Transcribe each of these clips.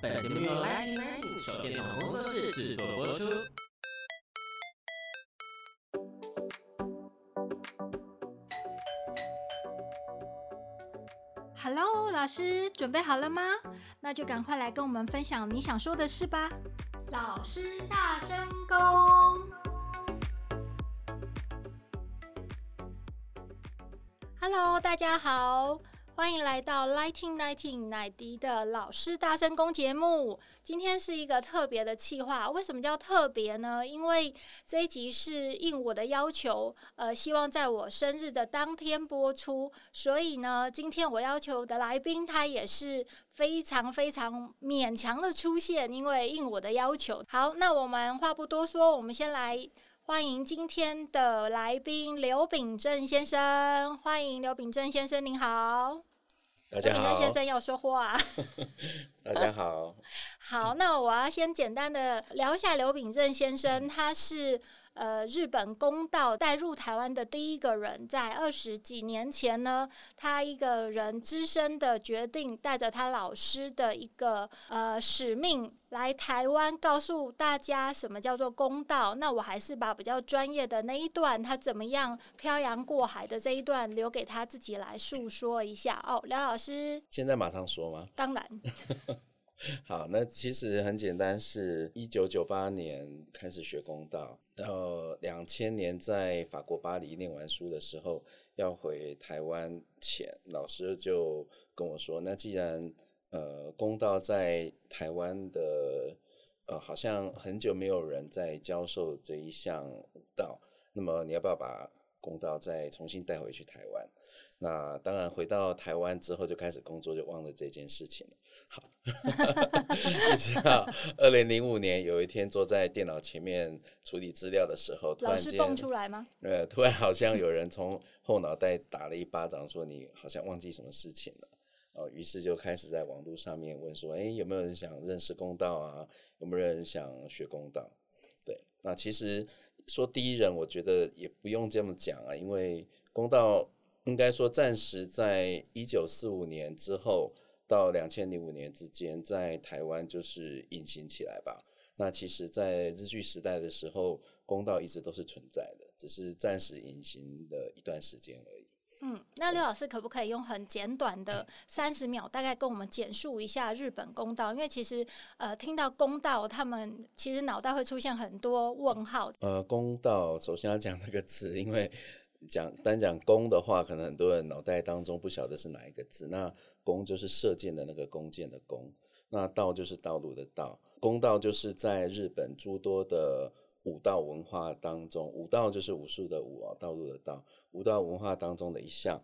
本節目由 l i 手電筒工作室製作播出。Hello，老師，準備好了嗎？那就趕快來跟我們分享你想說的事吧。老師大、大聲公 Hello，大家好。歡迎來到 nineteen nineteen 乃滌的老師大聲公節目。今天是一個特別的企劃，為什麼叫特別呢？因為這一集是應我的要求，呃，希望在我生日的當天播出，所以呢，今天我要求的來賓他也是非常非常勉強的出現，因為應我的要求。好，那我們話不多說，我們先來。歡迎今天的來賓劉秉政先生，歡迎劉秉政先生，您好。大家好，劉先生要說話。 大家好。 好，那我要先簡單的聊一下劉秉政先生，嗯、他是呃日本弓道帶入台灣的第一個人，在二十幾年前呢，他一個人隻身的決定，帶着他老師的一個呃使命。來台灣告訴大家什麼叫做弓道。那我還是把比較專業的那一段，他怎麼樣漂洋過海的這一段，留給他自己來述說一下哦，劉老師。現在馬上說嗎？當然。 好，那其實很簡單，是一九九八年開始學弓道，到兩千年在法國巴黎念完書的時候，要回台灣前，老師就跟我說：“那既然。”呃，弓道在台灣的，呃，好像很久沒有人在教授這一項道。那麼你要不要把弓道再重新帶回去台灣？那當然，回到台灣之後就開始工作，就忘了這件事情了。好，你知道，二零零五年有一天坐在電腦前面處理資料的時候，突然間老師蹦出來嗎？呃， 突然好像有人從後腦袋打了一巴掌，說你好像忘記什麼事情了。哦，於是就開始在網絡上面問說：“哎、欸，有沒有人想認識弓道啊？有沒有人想學弓道？”對，那其實說第一人，我覺得也不用這麼講啊，因為弓道應該說暫時在一九四五年之後到二千零五年之間，在台灣就是隱形起來吧。那其實，在日據時代的時候，弓道一直都是存在的，只是暫時隱形的一段時間而已。嗯，那劉老師可不可以用很簡短的三十秒，大概跟我們簡述一下日本弓道？因為其實呃，聽到弓道，他們其實腦袋會出現很多問號。嗯、呃，弓道首先要講那個字，因為講單講弓的話，可能很多人腦袋當中不曉得是哪一個字。那弓就是射箭的那個弓箭的弓，那道就是道路的道，弓道就是在日本諸多的。武道文化當中，武道就是武術的武啊，道路的道，武道文化當中的一項。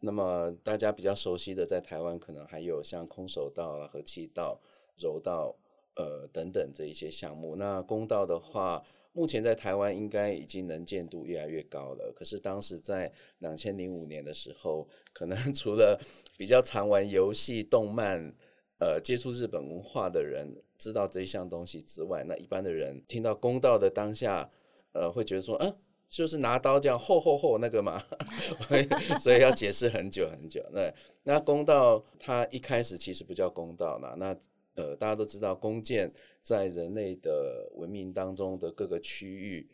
那麼大家比較熟悉的，在台灣可能還有像空手道、合氣道、柔道，呃等等這一些項目。那弓道的話，目前在台灣應該已經能見度越來越高了。可是當時在兩千零五年的時候，可能除了比較常玩遊戲、動漫呃，接觸日本文化的人知道這一項東西之外，那一般的人聽到弓道的當下，呃，會覺得說，嗯、啊，就是拿刀這樣厚厚厚那個嘛， 所以要解釋很久很久。對。那那弓道它一開始其實不叫弓道啦，那呃，大家都知道弓箭在人類的文明當中的各個區域，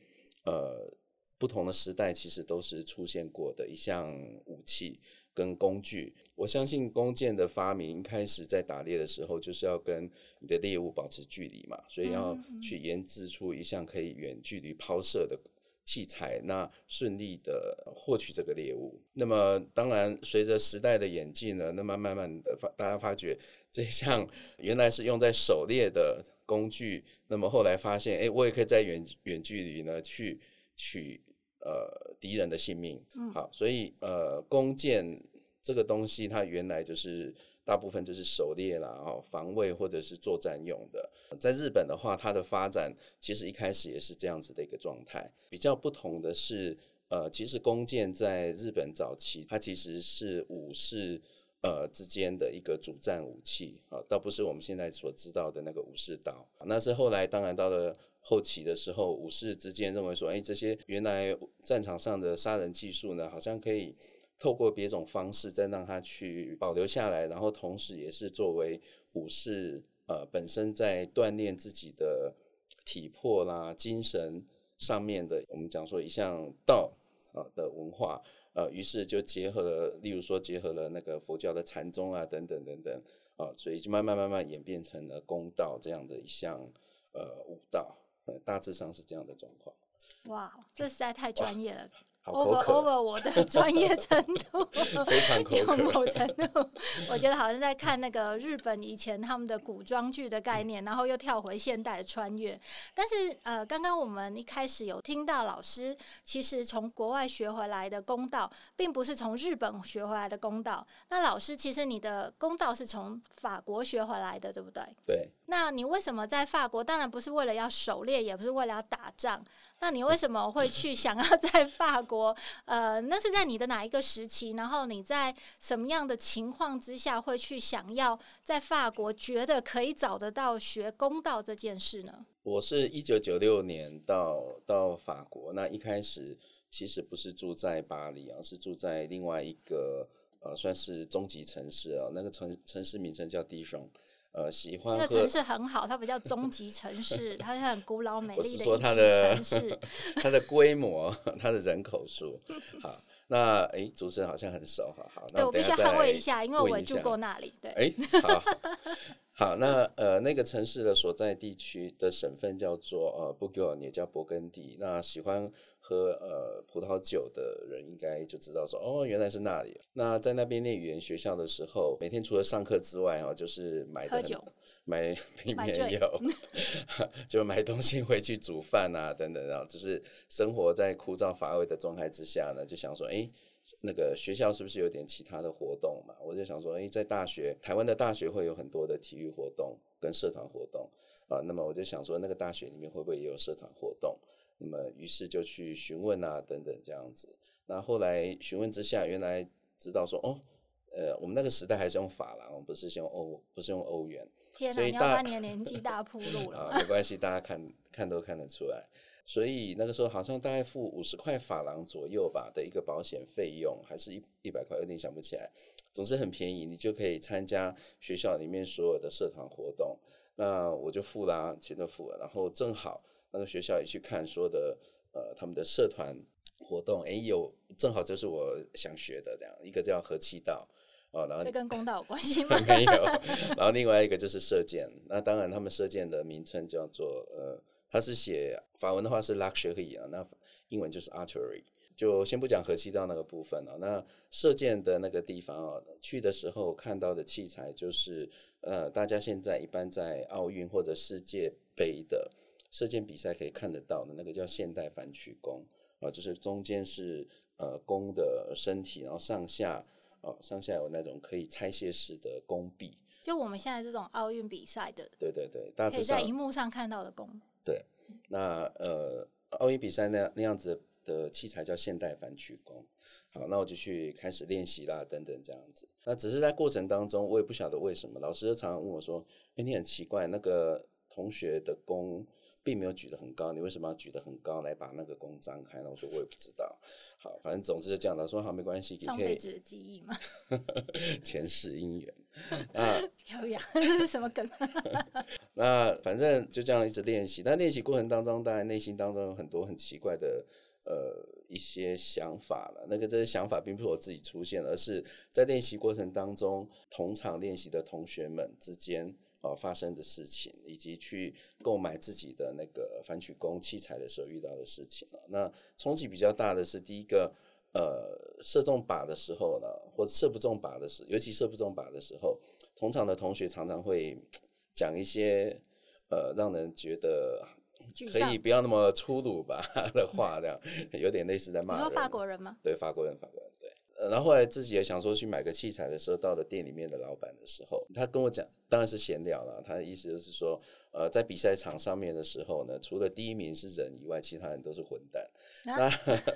呃，不同的時代其實都是出現過的一項武器跟工具。我相信弓箭的發明開始在打獵的時候，就是要跟你的獵物保持距離嘛，所以要去研制出一項可以遠距離拋射的器材，那順利的獲取這個獵物。那麼當然，隨着時代的演進呢，那麼慢慢的發大家發覺這一項原來是用在狩獵的工具，那麼後來發現，哎、欸，我也可以在遠遠距離呢去取呃敵人的性命。好，所以呃弓箭。這個東西它原來就是大部分就是狩獵啦、哦防衛或者是作戰用的。在日本的話，它的發展其實一開始也是這樣子的一個狀態。比較不同的是，呃，其實弓箭在日本早期，它其實是武士呃之間的一個主戰武器，啊、哦，倒不是我們現在所知道的那個武士刀。那是後來，當然到了後期的時候，武士之間認為說，哎，這些原來戰場上的殺人技術呢，好像可以。透過別種方式，再讓它去保留下來，然後同時也是作為武士呃本身在鍛鍊自己的體魄啦、精神上面的，我們講說一項道啊、呃、的文化，呃，於是就結合了，例如說結合了那個佛教的禪宗啊等等等等，啊、呃，所以就慢慢慢慢演變成了弓道這樣的一項呃武道呃，大致上是這樣的狀況。哇，這實在太專業了。over over 我的專業程度，有 某程度， 我覺得好像在看那個日本以前他們的古裝劇的概念，然後又跳回現代的穿越。但是呃，剛剛我們一開始有聽到老師，其實從國外學回來的弓道，並不是從日本學回來的弓道。那老師，其實你的弓道是從法國學回來的，對不對？對。那你為什麼在法國？當然不是為了要狩獵，也不是為了要打仗。那你為什麼會去想要在法國？ 呃，那是在你的哪一個時期？然後你在什麼樣的情況之下會去想要在法國覺得可以找得到學弓道這件事呢？我是一九九六年到到法國，那一開始其實不是住在巴黎，喔，而是住在另外一個呃，算是中級城市哦，喔。那個城城市名稱叫第戎。呃，喜歡那個城市很好，它比較終極城市，它 是很古老美麗的。我說它的、的城市 它的規模， 它的人口數啊。好那哎，主持人好像很熟，好好。對，我必須捍衛一下，因為我也住過那裡。誒對， 好，好，那呃，那個城市的所在地區的省份叫做呃布吉爾，也叫勃根地。那喜歡喝呃葡萄酒的人應該就知道說，哦，原來是那裡。那在那邊念語言學校的時候，每天除了上課之外，哦、就是買的。買並沒，沒，沒有，買罪 就買東西回去煮飯啊，等等啊，就是生活在枯燥乏味的狀態之下呢，就想說，哎，那個學校是不是有點其他的活動嘛？我就想說，哎，在大學，台灣的大學會有很多的體育活動跟社團活動啊，那麼我就想說，那個大學裡面會不會也有社團活動？那麼，於是就去詢問啊，等等這樣子。那後來詢問之下，原來知道說，哦。呃，我們那個時代還是用法郎，不是用歐，不是用歐元。天啊哪，所以大年紀年大鋪路了。 啊，沒關係，大家看看都看得出來。所以那個時候好像大概付五十塊法郎左右吧的一個保險費用，還是一一百塊，有點想不起來。總之很便宜，你就可以參加學校裡面所有的社團活動。那我就付啦、啊，錢都付了。然後正好那個學校也去看所有的，呃，他們的社團活動，哎、欸，有正好就是我想學的這樣一個叫合氣道。哦，然後這跟弓道有關係嗎？ 沒有。然後另外一個就是射箭， 那當然他們射箭的名稱叫做呃，他是寫法文的話是 luxury 啊，那英文就是 archery。就先不講合氣道那個部分了、啊，那射箭的那個地方啊，去的時候看到的器材就是呃，大家現在一般在奧運或者世界杯的射箭比賽可以看得到的那個叫現代反曲弓啊、呃，就是中間是呃弓的身體，然後上下。哦，上下有那種可以拆卸式的弓臂，就我們現在這種奧運比賽的，對對對，大家可以在熒幕上看到的弓。對，那呃，奧運比賽那那樣子的器材叫現代反曲弓。好，那我就去開始練習啦，等等這樣子。那只是在過程當中，我也不曉得為什麼，老師就常常問我說：“哎，你很奇怪，那個同學的弓。”並沒有舉得很高，你為什麼要舉得很高來把那個弓張開呢？我說我也不知道。好，反正總之就這樣了。說好沒關係，上輩子的記憶嗎？ 前世姻緣啊。漂亮 那，這是什麼梗？那反正就這樣一直練習。但練習過程當中，當然內心當中有很多很奇怪的呃一些想法了。那個這些想法並不是我自己出現，而是在練習過程當中同場練習的同學們之間。呃，發生的事情，以及去購買自己的那個反曲弓器材的時候遇到的事情了。那衝擊比較大的是第一個，呃，射中靶的時候呢，或者射不中靶的時，尤其射不中靶的時候，同場的、的同學常常會講一些呃，讓人覺得可以不要那麼粗魯吧的話，這樣有點類似在罵人。你說法國人嗎？對，法國人，法國人。然後後來自己也想說去買個器材的時候，到了店裡面的老闆的時候，他跟我講，當然是閒聊了，他的意思就是說。呃，在比賽場上面的時候呢，除了第一名是人以外，其他人都是混蛋。啊、那呵呵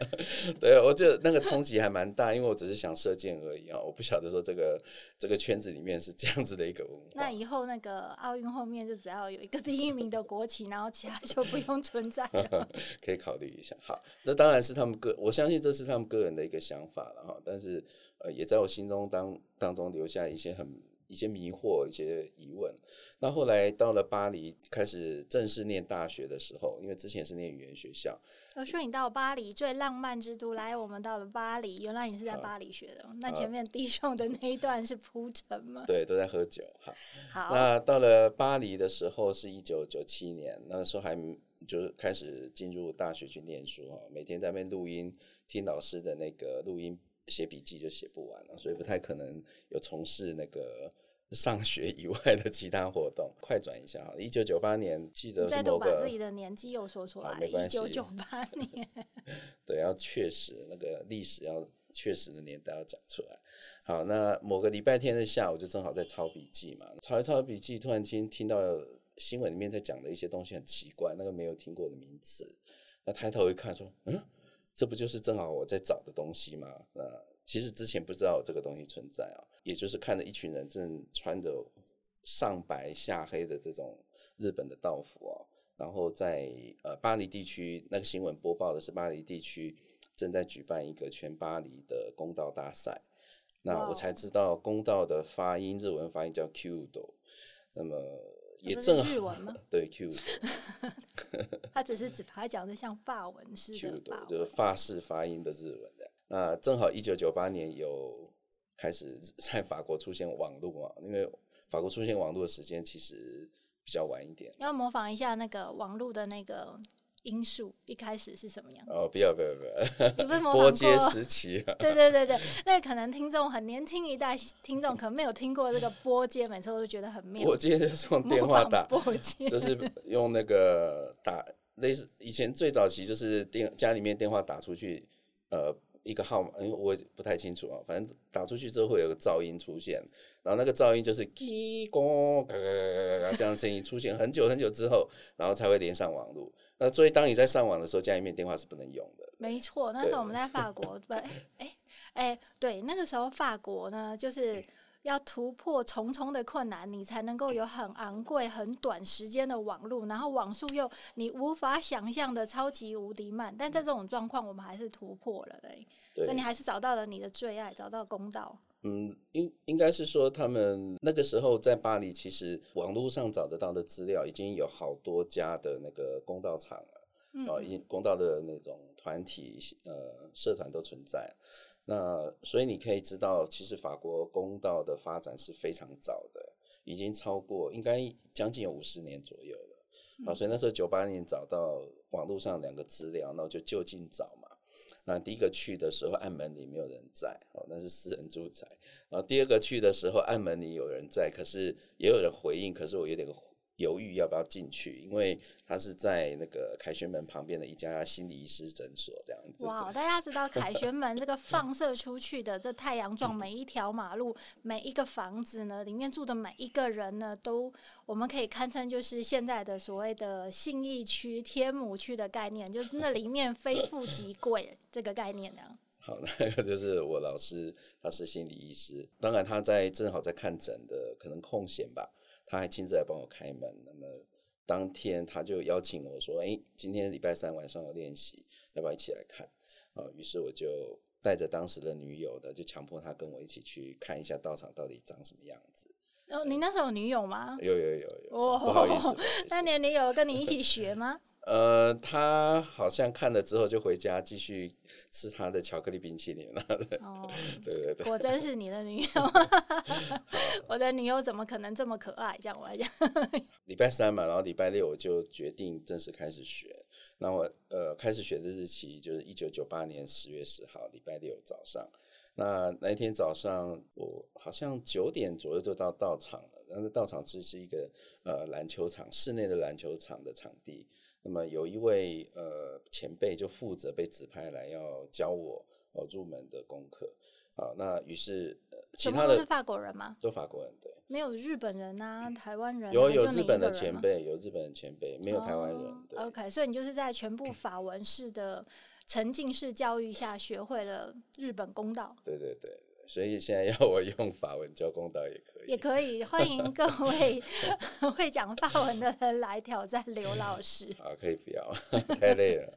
對，我覺得那個衝擊還蠻大， 因為我只是想射箭而已啊、哦，我不曉得說這個這個圈子裡面是這樣子的一個文化。那以後那個奧運後面，就只要有一個第一名的國旗， 然後其他就不用存在了。 可以考慮一下。好，那當然是他們個，我相信這是他們個人的一個想法了哈、哦。但是呃，也在我心中當當中留下一些很。一些迷惑，一些疑問。那後來到了巴黎，開始正式念大學的時候，因為之前是念語言學校。我說你到巴黎，最浪漫之都來。我們到了巴黎，原來你是在巴黎學的。好那前面弟兄的那一段是鋪陳嗎？好對，都在喝酒。好，好那到了巴黎的時候是一九九七年，那時候還就是開始進入大學去念書哈，每天在那邊錄音，聽老師的那個錄音。寫筆記就寫不完了，所以不太可能有從事那個上學以外的其他活動。快轉一下哈，一九九八年，記得某個你再把自己的年紀又說出來，一九九八年， 對，要確實那個歷史要確實的年代要講出來。好，那某個禮拜天的下午就正好在抄筆記嘛，抄一抄筆記，突然間聽到新聞裡面在講的一些東西很奇怪，那個沒有聽過的名詞，那抬頭一看說，嗯。這不就是正好我在找的東西嗎？那、呃、其實之前不知道有這個東西存在啊，也就是看着一群人正穿着上白下黑的這種日本的道服啊。然後在呃巴黎地區那個新聞播報的是巴黎地區正在舉辦一個全巴黎的弓道大賽，Wow. 那我才知道弓道的發音，日文發音叫 Cudo，那麼也正好對 Cudo 只是只把它講的像法文似的文，就是法式發音的日文的。那正好一九九八年有開始在法國出現網路嘛，因為法國出現網路的時間其實比較晚一點。要模仿一下那個網路的那個音素，一開始是什麼樣？哦，不要不要不要，不撥接時期、啊。對對對對，那可能聽眾很年輕一代聽眾可能沒有聽過這個撥接，每次都覺得很面。撥接就是用電話打，撥接接就是用那個打。類似以前最早期，就是電家裡面電話打出去，呃，一個號碼，因、嗯、為我也不太清楚啊，反正打出去之後會有個噪音出現，然後那個噪音就是嘰咕，然後 這樣的聲音出現很久很久之後，然後才會連上網路。那所以當你在上網的時候，家裡面電話是不能用的。沒錯，那時候我們在法國，不對， 哎哎，對，那個時候法國呢就是。要突破重重的困難，你才能夠有很昂貴、很短時間的網路，然後網速又你無法想象的超級無敵慢。但在這種狀況，我們還是突破了嘞、欸，對所以你還是找到了你的最愛，找到弓道。嗯，應應該是說，他們那個時候在巴黎，其實網絡上找得到的資料已經有好多家的那個弓道場了，嗯、弓道的那種團體、呃，社團都存在。那所以你可以知道，其實法國弓道的發展是非常早的，已經超過應該將近有五十年左右了。啊、嗯，所以那時候九八年找到網絡上兩個資料，然後就就近找嘛。那第一個去的時候，暗門裡沒有人在，哦，那是私人住宅。然後第二個去的時候，暗門裡有人在，可是也有人回應，可是我有點。猶豫要不要進去，因為他是在那個凱旋門旁邊的一家心理醫師診所這樣子。哇，wow, 大家知道凱旋門這個放射出去的這太陽狀，每一條馬路、 每一個房子呢，裡面住的每一個人呢，都我們可以堪稱就是現在的所謂的“信義區”、“天母區”的概念，就是那裡面非富即貴 這個概念呢。好，那個就是我老師，他是心理醫師，當然他在正好在看診的，可能空閒吧。他還親自來幫我開門。那麼當天他就邀請我說：“哎、欸，今天禮拜三晚上有練習，要不要一起來看？”啊、呃，於是我就帶着當時的女友的，就強迫她跟我一起去看一下道場到底長什麼樣子。呃、哦，你那時候有女友嗎？有有有有。哦、oh，不好意思，當年你有跟你一起學嗎？ 呃，他好像看了之後就回家繼續吃他的巧克力冰淇淋了。 哦， 對對對，果真是你的女友， 好我的女友怎麼可能這麼可愛？這樣我來講， 禮拜三嘛，然後禮拜六我就決定正式開始學。那我呃開始學的日期就是一九九八年十月十號，禮拜六早上。那那天早上，我好像九點左右就到道場了。但是道場其實是一個呃籃球場，室內的籃球場的場地。那麼有一位呃前輩就負責被指派來要教我呃入門的功課。那於是、呃、其他的是法國人嗎？都法國人。對，沒有日本人啊，台灣人、啊、有有日本的前輩，有日本的前輩、啊，沒有台灣人。哦、對 OK，所以你就是在全部法文式的沉浸式教育下，學會了日本公道。嗯、對對對。所以現在要我用法文教弓道也可以，也可以歡迎各位會講法文的人來挑戰劉老師。啊， 可以不要，太累了。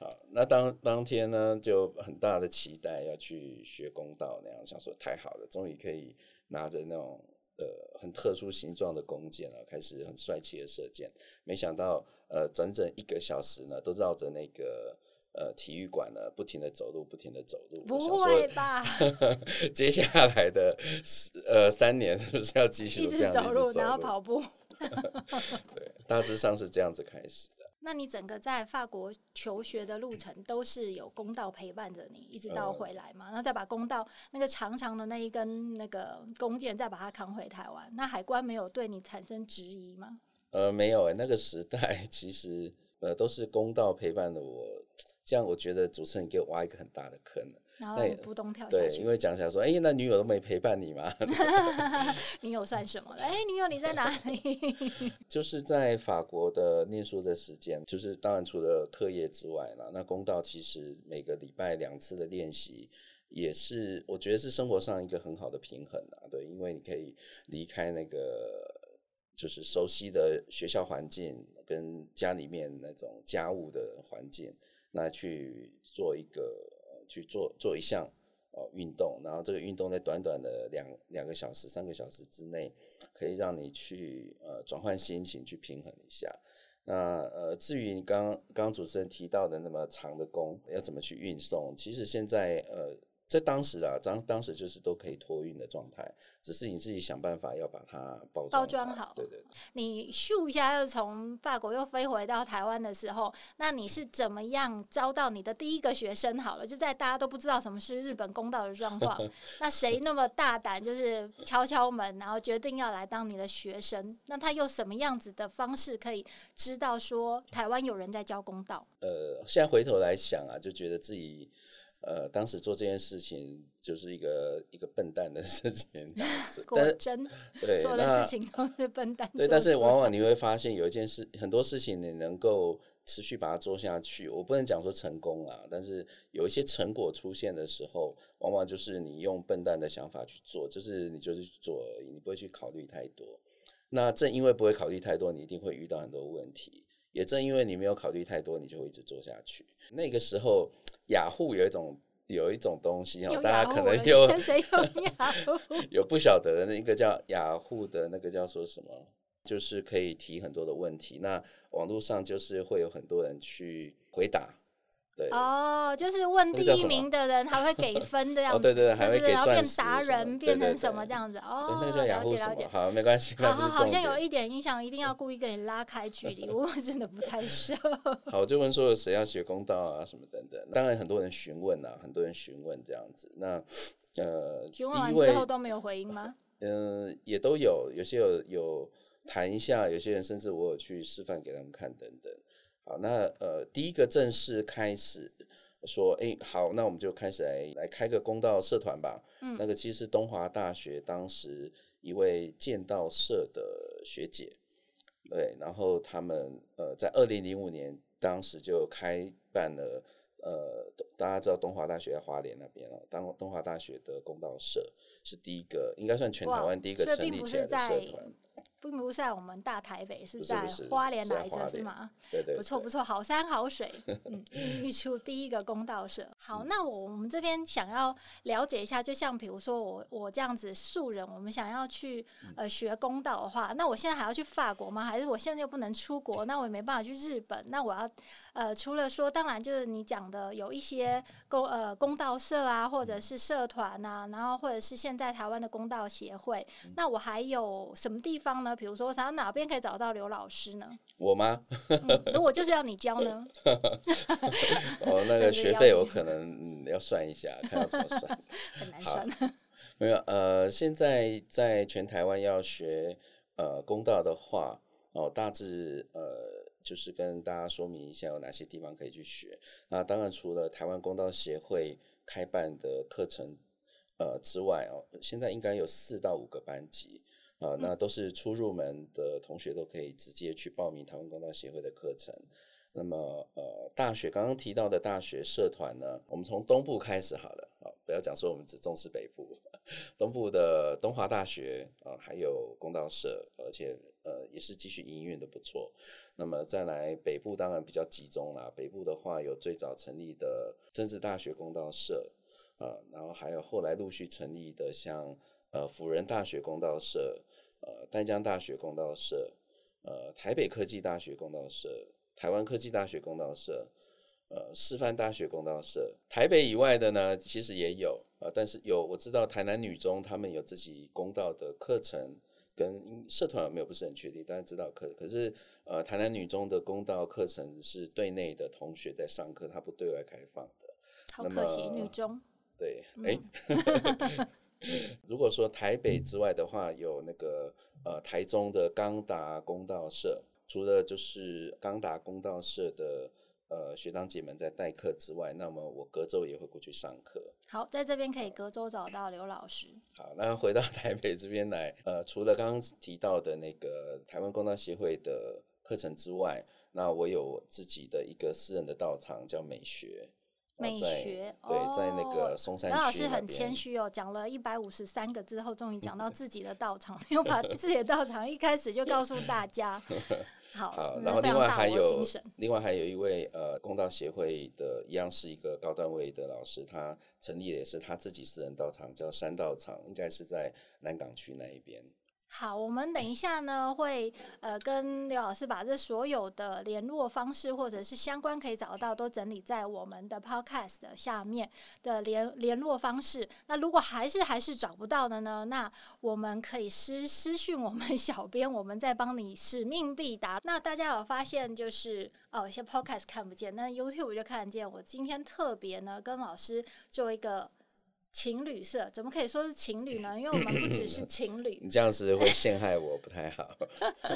好，那當當天呢，就很大的期待要去學弓道，那樣想說太好了，終於可以拿着那種呃很特殊形狀的弓箭啊，開始很帥氣的射箭。沒想到呃，整整一個小時呢，都繞着那個。呃，體育館呢，不停的走路，不停的走路。不會吧呵呵。接下來的呃三年是不是要繼續一直走路，走路然後跑步？呵呵對， 大致上是這樣子開始的。那你整個在法國求學的路程都是有弓道陪伴着你，一直到回來嘛？然後、呃、再把弓道那個長長的那一根那個弓箭，再把它扛回台灣。那海關沒有對你產生質疑嗎？呃，沒有、欸、那個時代其實呃都是弓道陪伴的我。這樣我覺得主持人給我挖一個很大的坑了，了，那撲咚跳下去。對，因為講起來說，哎、欸，那女友都沒陪伴你嗎？女友 算什麼？哎、欸，女友你在哪裡？就是在法國的念書的時間，就是當然除了課業之外呢，那弓道其實每個禮拜兩次的練習也是，我覺得是生活上一個很好的平衡啊。對，因為你可以離開那個就是熟悉的學校環境跟家裡面那種家務的環境。來去做一個，去做做一項呃運動，然後這個運動在短短的兩兩個小時、三個小時之內，可以讓你去呃轉換心情，去平衡一下。那呃，至於你剛剛主持人提到的那麼長的弓，要怎麼去運送，其實現在呃。在當時啊，當當時就是都可以托運的狀態，只是你自己想辦法要把它包包裝好。好對對,對你咻一下，又從法國又飛回到台灣的時候，那你是怎麼樣招到你的第一個學生？好了，就在大家都不知道什麼是日本弓道的狀況， 那誰那麼大膽，就是敲敲門，然後決定要來當你的學生？那他用什麼樣子的方式可以知道說台灣有人在教弓道？呃，現在回頭來想啊，就覺得自己。呃，當時做這件事情就是一個一個笨蛋的事情，果真，但是，對，做的事情都是笨蛋就是了。對，但是往往你會發現，有一件事，很多事情你能夠持續把它做下去。我不能講說成功啦，但是有一些成果出現的時候，往往就是你用笨蛋的想法去做，就是你就是做而已，你不會去考慮太多。那正因為不會考慮太多，你一定會遇到很多問題。也正因為你沒有考慮太多，你就會一直做下去。那個時候，雅虎有一種有一種東西哈，大家可能有跟誰有雅虎？有 有不曉得的那一個叫雅虎的那個叫說什麼，就是可以提很多的問題。那網絡上就是會有很多人去回答。對哦，就是問第一名的人，他會給分的樣子、 哦，對對對，還會給鑽石，變成達人，變成什麼這樣子哦，那就了。了解了解，好，沒關係。然後好，好，好，好像有一點印象，一定要故意跟你拉開距離， 我真的不太熟。好，就問說誰要學弓道啊，什麼等等。當然很多人詢問吶、啊，很多人詢問這樣子。那呃，詢問完之後都沒有回應嗎？嗯、呃，也都有，有些有有談一下，有些人甚至我有去示範給他們看等等。好，那呃，第一個正式開始說，哎、欸，好，那我們就開始來來開個弓道社團吧。嗯，那個其實是東華大學當時一位劍道社的學姐，對，然後他們呃，在二零零五年當時就開辦了，呃，大家知道東華大學在花蓮那邊哦、喔，當東華大學的弓道社是第一個，應該算全台灣第一個成立起來的社團。並不是在我們大台北，是在花蓮來着，不是，不是，是，是嗎？對對對，不錯不錯，好山好水， 嗯，孕育出第一個弓道社。好，那我我們這邊想要了解一下，就像比如說我我這樣子素人，我們想要去呃學弓道的話，那我現在還要去法國嗎？還是我現在又不能出國，那我也沒辦法去日本，那我要。呃、除了說，當然就是你講的有一些弓呃弓道社啊，或者是社團啊，然後或者是現在台灣的弓道協會，嗯、那我還有什麼地方呢？比如說，想要哪邊可以找到劉老師呢？我嗎？那 我、嗯、就是要你教呢？ 哦，那個學費我可能要算一下，看要怎麼算， 很難算。沒有呃，現在在全台灣要學呃弓道的話，哦，大致呃。就是跟大家說明一下有哪些地方可以去學。那當然除了台灣弓道協會開辦的課程，呃之外哦，現在應該有四到五個班級，啊、呃，那都是初入門的同學都可以直接去報名台灣弓道協會的課程。那麼，呃，大學剛剛提到的大學社團呢？我們從東部開始好了，啊，不要講說我們只重視北部，東部的東華大學啊、呃，還有弓道社，而且呃也是繼續營運的不錯。那麼再來北部，當然比較集中啦，北部的話，有最早成立的政治大學弓道社，啊、呃，然後還有後來陸續成立的像，像呃輔仁大學弓道社，呃，淡江大學弓道社，呃，台北科技大學弓道社。台灣科技大學弓道社，呃，師範大學弓道社，台北以外的呢，其實也有呃，但是有我知道台南女中他們有自己弓道的課程跟社團，沒有不是很確定，但是知道可可是，呃，台南女中的弓道課程是對內的同學在上課，他不對外開放的。好可惜，麼女中。對，哎。如果說台北之外的話，有那個呃，台中的剛達弓道社。除了就是剛達公道社的，呃、學長姐們在代課之外，那麼我隔周也會過去上課。好，在這邊可以隔周找到劉老師。好，那回到台北這邊來，呃，除了剛剛提到的那個台灣弓道協會的課程之外，那我有自己的一個私人的道場，叫躾學。躾學，對，在那個松山。劉老師很謙虛哦，講了一百五十三個之後，終於講到自己的道場， 沒有把自己的道場一開始就告訴大家。 好，然後另外還有另外還有一位呃，弓道協會的，一樣是一個高段位的老師，他成立的也是他自己私人道場，叫山道場，應該是在南港區那一邊。好，我們等一下呢，會呃跟劉老師把這所有的聯絡方式或者是相關可以找得到都整理在我們的 Podcast 下面的聯聯絡方式。那如果還是還是找不到的呢，那我們可以私私訊我們小編，我們再幫你使命必達。那大家有發現就是哦，有些 Podcast 看不見，那 YouTube 就看得見。我今天特別呢跟老師做一個。情侶色怎麼可以說是情侶呢？因為我們不只是情侶。你咳咳這樣子會陷害我不太好。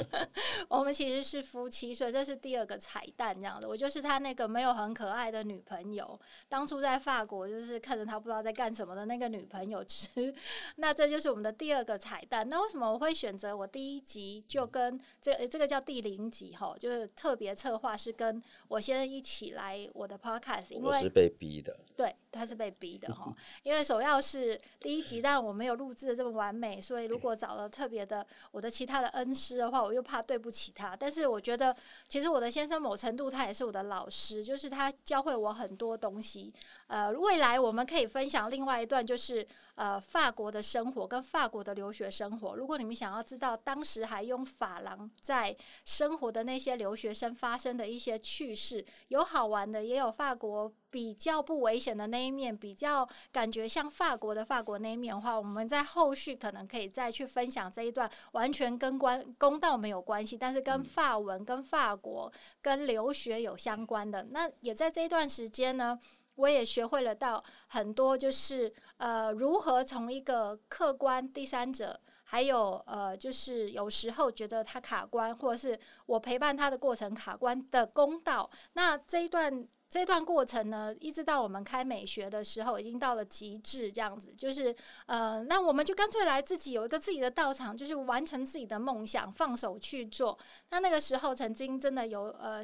其實是夫妻，所以這是第二個彩蛋這樣的。我就是他那個沒有很可愛的女朋友，當初在法國就是看着他不知道在幹什麼的那個女朋友。吃，那這就是我們的第二個彩蛋。那為什麼我會選擇我第一集就跟這這個叫第零集哈，就是特別策劃是跟我先生一起來我的 podcast，因為我是被逼的。對，他是被逼的哈， 因為首要是第一集，但我沒有錄製得這麼完美，所以如果找了特別的我的其他的恩師的話，我又怕對不起他。但是我覺得，其實我的先生某程度他也是我的老師，就是他教會我很多東西。呃，未來我們可以分享另外一段，就是呃法國的生活跟法國的留學生活。如果你們想要知道當時還用法郎在生活的那些留學生發生的一些趣事，有好玩的，也有法國。比較不危險的那一面，比較感覺像法國的法國那一面的話，我們在後續可能可以再去分享這一段，完全跟弓道沒有關係，但是跟法文、跟法國、跟留學有相關的。那也在這一段時間呢，我也學會了到很多，就是呃，如何從一個客觀第三者，還有呃，就是有時候覺得他卡關，或者是我陪伴他的過程卡關的弓道。那這一段。這段過程呢，一直到我們開躾學的時候，已經到了極致，這樣子就是，呃，那我們就乾脆來自己有一個自己的道場，就是完成自己的夢想，放手去做。那那個時候曾經真的有，呃。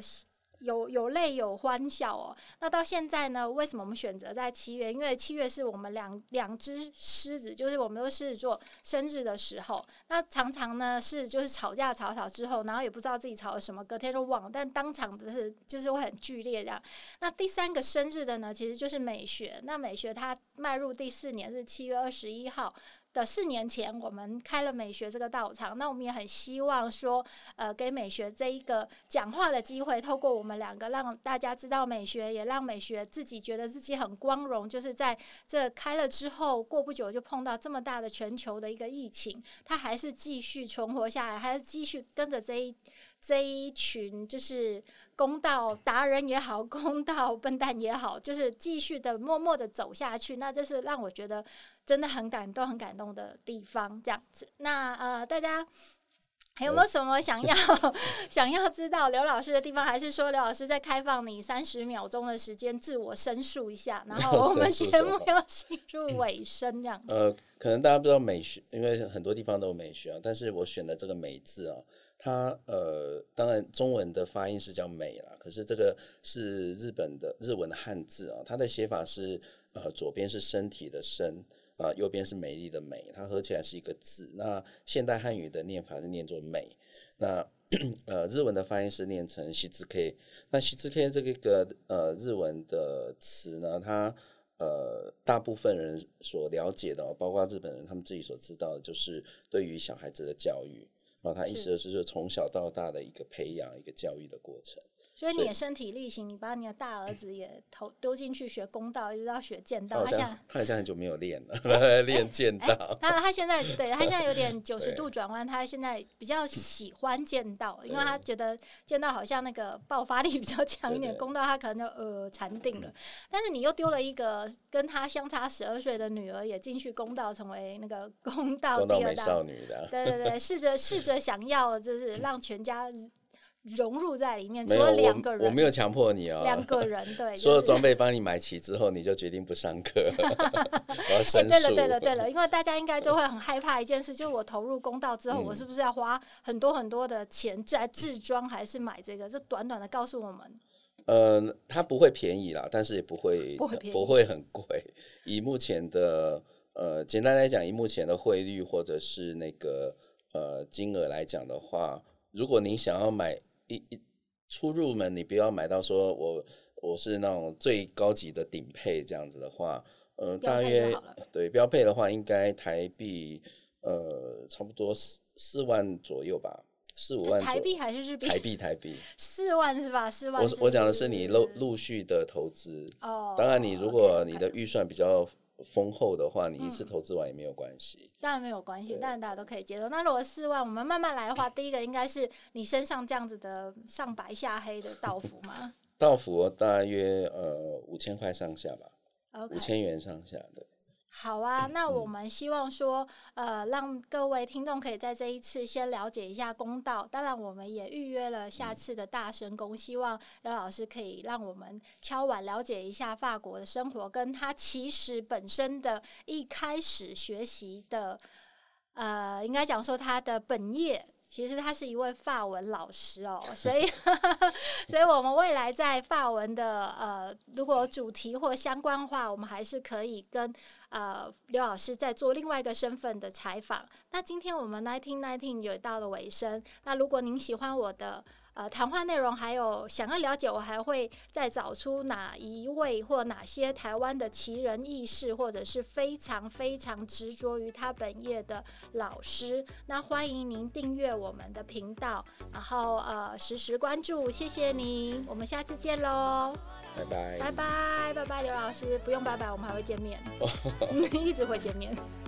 有有淚有歡笑哦。那到現在呢？為什麼我們選擇在七月？因為七月是我們兩兩隻獅子，就是我們都獅子座生日的時候。那常常呢是就是吵架吵吵之後，然後也不知道自己吵了什麼，隔天就忘，但當場的是就是會很劇烈這樣。那第三個生日的呢，其實就是躾學。那躾學它邁入第四年是七月二十一號。的四年前，我們開了躾學這個道場，那我們也很希望說，呃，給躾學這一個講話的機會，透過我們兩個讓大家知道躾學，也讓躾學自己覺得自己很光榮。就是在這開了之後，過不久就碰到這麼大的全球的一個疫情，它還是繼續存活下來，還是繼續跟着這一這一群，就是弓道達人也好，弓道笨蛋也好，就是繼續的默默的走下去。那這是讓我覺得。真的很感動，很感動的地方，這樣子。那呃，大家還有沒有什麼想要 想要知道劉老師的地方？還是說劉老師再開放你三十秒鐘的時間自我申訴一下？然後我們節目要進入尾聲這樣子、 嗯。呃，可能大家不知道躾學，因為很多地方都有美學啊。但是我選的這個“躾”字啊，它，呃，當然中文的發音是叫“美”啦。可是這個是日本的日文的漢字啊，它的寫法是呃，左邊是身體的“身”，啊，右邊是美麗的美，它合起來是一個字。那現代漢語的唸法是念作美，那咳咳呃日文的發音是念成 c 字 k。那 c 字 k 這個呃日文的詞呢，它呃大部分人所了解的，包括日本人他們自己所知道的，就是對於小孩子的教育啊，它意思就是說從小到大的一個培養一個教育的過程。所以你也身體力行，你把你的大兒子也投丟進去學弓道，一直到學劍道。他現在他好像很久沒有練了，練劍道。他他現在對他現在有點九十度轉彎，他現在比較喜歡劍道，因為他覺得劍道好像那個爆發力比較強一點。弓道他可能就呃禪定了。但是你又丟了一個跟他相差十二歲的女兒也進去弓道，成為那個弓道的少女的。對對對，試着試着想要就是讓全家。融入在裡面，只有兩個人我。我沒有強迫你啊、喔，兩個人對。所有裝備幫你買齊之後， 你就決定不上課、 哎。對了，對了，對了，因為大家應該都會很害怕一件事，就是我投入弓道之後，嗯、我是不是要花很多很多的錢在製裝，還是買這個？就短短的告訴我們。呃，它不會便宜啦，但是也不會不會，便宜、呃、不會很貴。以目前的呃，簡單來講，以目前的匯率或者是那個呃金額來講的話，如果您想要買。一一初入門，你不要買到說我我是那種最高級的頂配這樣子的話，呃，太太大約對標配的話應該台幣呃差不多四四萬左右吧，四五萬、欸、台幣還是日幣？台幣台幣四萬是吧？四萬我。我我講的是你陸陸續的投資哦，當然你如果你的預算比較。豐厚的話，你一次投資完也沒有關係、嗯，當然沒有關係，當然對大家都可以接受。那如果四萬，我們慢慢來的話，第一個應該是你身上這樣子的上白下黑的道服嗎？ 道服、啊、大約呃五千塊上下吧，五千 Okay. 元上下，對。好啊，那我們希望說，呃，讓各位聽眾可以在這一次先了解一下弓道。當然，我們也預約了下次的大神功，希望劉老師可以讓我們敲碗，了解一下法國的生活，跟他其實本身的一開始學習的，呃，應該講說他的本業。其實他是一位法文老師哦，所以， 所以我們未來在法文的呃，如果主題或相關的話，我們還是可以跟呃劉老師再做另外一個身份的採訪。那今天我們 nineteen nineteen 也到了尾聲，那如果您喜歡我的。呃，談話內容還有想要了解，我還會再找出哪一位或哪些台灣的奇人異事，或者是非常非常執着於他本業的老師。那歡迎您訂閱我們的頻道，然後呃時時關注。謝謝您，我們下次見嘍，拜拜、拜拜、拜拜，劉老師不用拜拜，我們還會見面， 一直會見面。